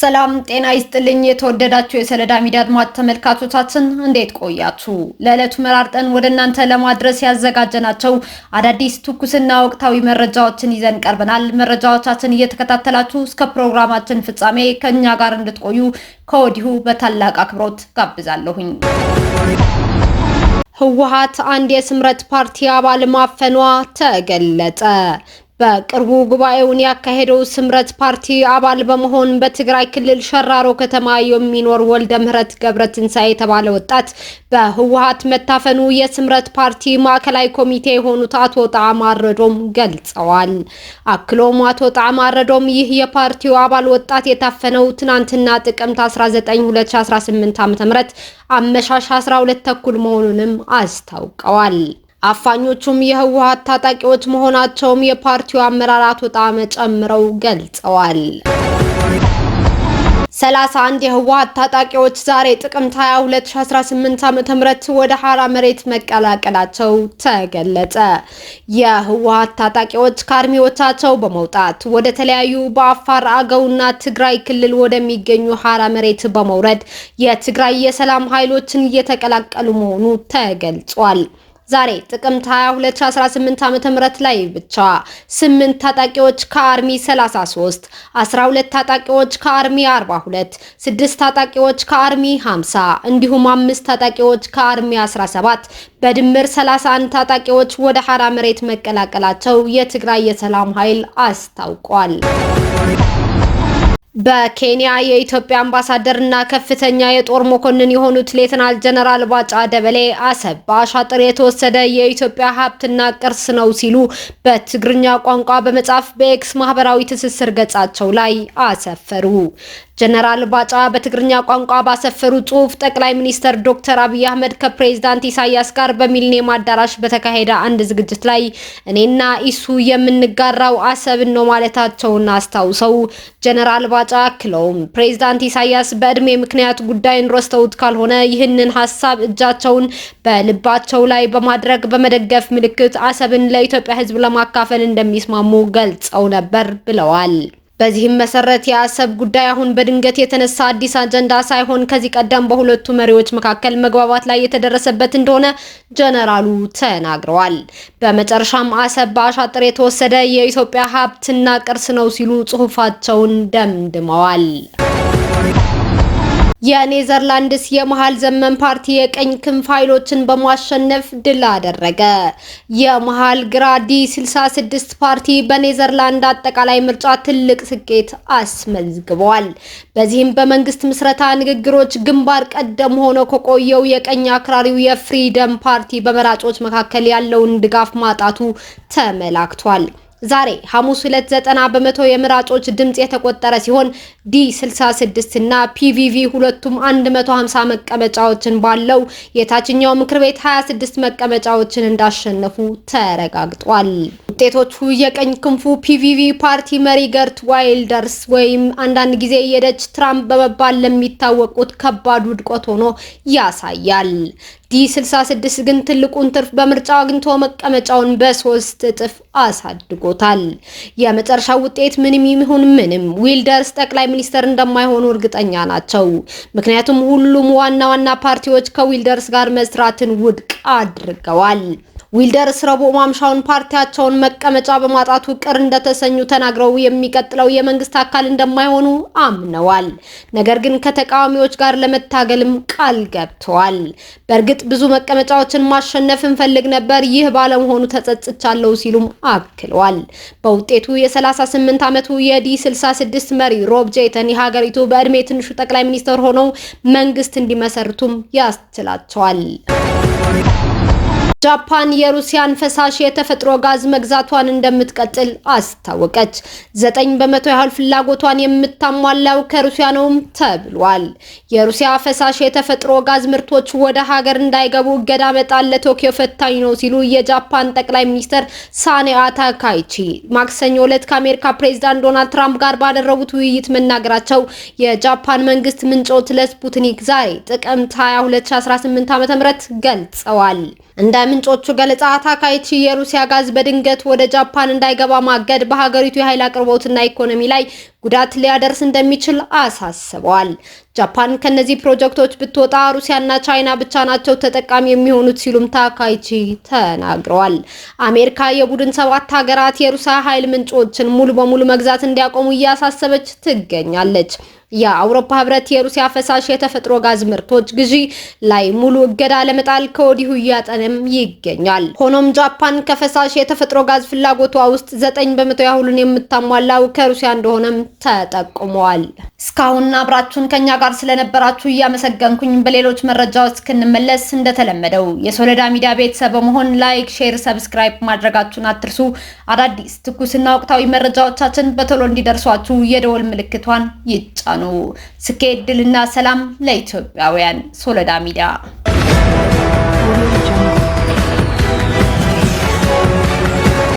ሰላም ጤና ይስጥልኝ። የተወደዳችሁ የሰለዳ ሚዲያ አድማጭ ተመልካቾቻችን እንዴት ቆያችሁ? ለዕለቱ መራርጠን ወደ እናንተ ለማድረስ ያዘጋጀናቸው አዳዲስ ትኩስና ወቅታዊ መረጃዎችን ይዘን ቀርበናል። መረጃዎቻችን እየተከታተላችሁ እስከ ፕሮግራማችን ፍጻሜ ከእኛ ጋር እንድትቆዩ ከወዲሁ በታላቅ አክብሮት ጋብዛለሁኝ። ህወሓት አንድ የስምረት ፓርቲ አባል ማፈኗ ተገለጸ። በቅርቡ ጉባኤውን ያካሄደው ስምረት ፓርቲ አባል በመሆን በትግራይ ክልል ሸራሮ ከተማ የሚኖር ወልደ ምህረት ገብረ ትንሳኤ የተባለ ወጣት በህወሀት መታፈኑ የስምረት ፓርቲ ማዕከላዊ ኮሚቴ የሆኑት አቶ ጣዕም አረዶም ገልጸዋል። አክሎም አቶ ጣማረዶም አረዶም ይህ የፓርቲው አባል ወጣት የታፈነው ትናንትና ጥቅምት 19 2018 ዓ.ም አመሻሽ 12 ተኩል መሆኑንም አስታውቀዋል። አፋኞቹም የህወሓት ታጣቂዎች መሆናቸውም የፓርቲው አመራራት ጣመ ጨምረው ገልጸዋል። 31 የህወሓት ታጣቂዎች ዛሬ ጥቅምት 22 2018 ዓ.ም ወደ ሐራ መሬት መቀላቀላቸው ተገለጸ። የህወሓት ታጣቂዎች ከአርሚዎቻቸው በመውጣት ወደ ተለያዩ በአፋር አገውና ትግራይ ክልል ወደሚገኙ ሐራ መሬት በመውረድ የትግራይ የሰላም ኃይሎችን እየተቀላቀሉ መሆኑ ተገልጿል። ዛሬ ጥቅምት 22 2018 ዓ.ም ላይ ብቻ 8 ታጣቂዎች ከአርሚ 33፣ 12 ታጣቂዎች ከአርሚ 42፣ 6 ታጣቂዎች ከአርሚ 50 እንዲሁም 5 ታጣቂዎች ከአርሚ 17 በድምር 31 ታጣቂዎች ወደ ሐራ መሬት መቀላቀላቸው የትግራይ የሰላም ኃይል አስታውቋል። በኬንያ የኢትዮጵያ አምባሳደርና ከፍተኛ የጦር መኮንን የሆኑት ሌተናል ጀነራል ባጫ ደበሌ አሰብ በአሻጥር የተወሰደ የኢትዮጵያ ሀብትና ቅርስ ነው ሲሉ በትግርኛ ቋንቋ በመጻፍ በኤክስ ማህበራዊ ትስስር ገጻቸው ላይ አሰፈሩ። ጀነራል ባጫ በትግርኛ ቋንቋ ባሰፈሩ ጽሁፍ ጠቅላይ ሚኒስትር ዶክተር አብይ አህመድ ከፕሬዝዳንት ኢሳያስ ጋር በሚሊኒየም አዳራሽ በተካሄደ አንድ ዝግጅት ላይ እኔና ኢሱ የምንጋራው አሰብን ነው ማለታቸውን አስታውሰው ጀነራል ባጫ አክለውም ፕሬዝዳንት ኢሳያስ በእድሜ ምክንያት ጉዳይን ረስተውት ካልሆነ ይህንን ሀሳብ እጃቸውን በልባቸው ላይ በማድረግ በመደገፍ ምልክት አሰብን ለኢትዮጵያ ህዝብ ለማካፈል እንደሚስማሙ ገልጸው ነበር ብለዋል። በዚህም መሰረት የአሰብ ጉዳይ አሁን በድንገት የተነሳ አዲስ አጀንዳ ሳይሆን ከዚህ ቀደም በሁለቱ መሪዎች መካከል መግባባት ላይ የተደረሰበት እንደሆነ ጀነራሉ ተናግረዋል። በመጨረሻም አሰብ በአሻጥር የተወሰደ የኢትዮጵያ ሀብትና ቅርስ ነው ሲሉ ጽሑፋቸውን ደምድመዋል። የኔዘርላንድስ የመሃል ዘመን ፓርቲ የቀኝ ክንፍ ኃይሎችን በማሸነፍ ድል አደረገ። የመሃል ግራ ዲ66 ፓርቲ በኔዘርላንድ አጠቃላይ ምርጫ ትልቅ ስኬት አስመዝግቧል። በዚህም በመንግስት ምስረታ ንግግሮች ግንባር ቀደም ሆኖ ከቆየው የቀኝ አክራሪው የፍሪደም ፓርቲ በመራጮች መካከል ያለውን ድጋፍ ማጣቱ ተመላክቷል። ዛሬ ሐሙስ ሁለት ዘጠና በመቶ የምራጮች ድምጽ የተቆጠረ ሲሆን ዲ 66 እና ፒቪቪ ሁለቱም 150 መቀመጫዎችን ባለው የታችኛው ምክር ቤት 26 መቀመጫዎችን እንዳሸነፉ ተረጋግጧል። ውጤቶቹ የቀኝ ክንፉ ፒቪቪ ፓርቲ መሪ ገርት ዋይልደርስ ወይም አንዳንድ ጊዜ የደች ትራምፕ በመባል ለሚታወቁት ከባድ ውድቆት ሆኖ ያሳያል። ዲ 66 ግን ትልቁን ትርፍ በምርጫው አግኝቶ መቀመጫውን በሶስት እጥፍ አሳድጎታል። የመጨረሻው ውጤት ምንም ይሁን ምንም ዊልደርስ ጠቅላይ ሚኒስተር እንደማይሆኑ እርግጠኛ ናቸው። ምክንያቱም ሁሉም ዋና ዋና ፓርቲዎች ከዊልደርስ ጋር መስራትን ውድቅ አድርገዋል። ዊልደር እስረቡ ማምሻውን ፓርቲያቸውን መቀመጫ በማጣቱ ቅር እንደተሰኙ ተናግረው የሚቀጥለው የመንግስት አካል እንደማይሆኑ አምነዋል። ነገር ግን ከተቃዋሚዎች ጋር ለመታገልም ቃል ገብተዋል። በእርግጥ ብዙ መቀመጫዎችን ማሸነፍ እንፈልግ ነበር፣ ይህ ባለመሆኑ ተጸጽቻለሁ ሲሉም አክለዋል። በውጤቱ የ38 ዓመቱ የዲ 66 መሪ ሮብ ጄተን የሀገሪቱ በእድሜ ትንሹ ጠቅላይ ሚኒስትር ሆነው መንግስት እንዲመሰርቱም ያስችላቸዋል። ጃፓን የሩሲያን ፈሳሽ የተፈጥሮ ጋዝ መግዛቷን እንደምትቀጥል አስታወቀች። ዘጠኝ በመቶ ያህል ፍላጎቷን የምታሟላው ከሩሲያ ነውም ተብሏል። የሩሲያ ፈሳሽ የተፈጥሮ ጋዝ ምርቶች ወደ ሀገር እንዳይገቡ እገዳ መጣል ለቶኪዮ ፈታኝ ነው ሲሉ የጃፓን ጠቅላይ ሚኒስትር ሳኔ ካይቺ ማክሰኞ ዕለት ከአሜሪካ ፕሬዚዳንት ዶናልድ ትራምፕ ጋር ባደረጉት ውይይት መናገራቸው የጃፓን መንግስት ምንጮች ለስፑትኒክ ዛሬ ጥቅምት 22 2018 ዓ.ም ገልጸዋል። እንደ በምንጮቹ ገለጻ ታካይቺ የሩሲያ ጋዝ በድንገት ወደ ጃፓን እንዳይገባ ማገድ በሀገሪቱ የኃይል አቅርቦትና ኢኮኖሚ ላይ ጉዳት ሊያደርስ እንደሚችል አሳስበዋል። ጃፓን ከነዚህ ፕሮጀክቶች ብትወጣ ሩሲያና ቻይና ብቻ ናቸው ተጠቃሚ የሚሆኑት ሲሉም ታካይቺ ተናግረዋል። አሜሪካ የቡድን ሰባት ሀገራት የሩሲያ ኃይል ምንጮችን ሙሉ በሙሉ መግዛት እንዲያቆሙ እያሳሰበች ትገኛለች። የአውሮፓ ህብረት የሩሲያ ፈሳሽ የተፈጥሮ ጋዝ ምርቶች ግዢ ላይ ሙሉ እገዳ ለመጣል ከወዲሁ እያጠነም ይገኛል። ሆኖም ጃፓን ከፈሳሽ የተፈጥሮ ጋዝ ፍላጎቷ ውስጥ ዘጠኝ በመቶ ያህሉን የምታሟላው ከሩሲያ እንደሆነም ተጠቁመዋል። እስካሁን አብራችሁን ከኛ ጋር ስለነበራችሁ እያመሰገንኩኝ በሌሎች መረጃዎች እስክንመለስ እንደተለመደው የሶለዳ ሚዲያ ቤተሰብ በመሆን ላይክ፣ ሼር፣ ሰብስክራይብ ማድረጋችሁን አትርሱ። አዳዲስ ትኩስና ወቅታዊ መረጃዎቻችን በቶሎ እንዲደርሷችሁ የደወል ምልክቷን ይጫኑ። ነው። ስኬት፣ ድልና ሰላም ለኢትዮጵያውያን። ሶለዳ ሚዲያ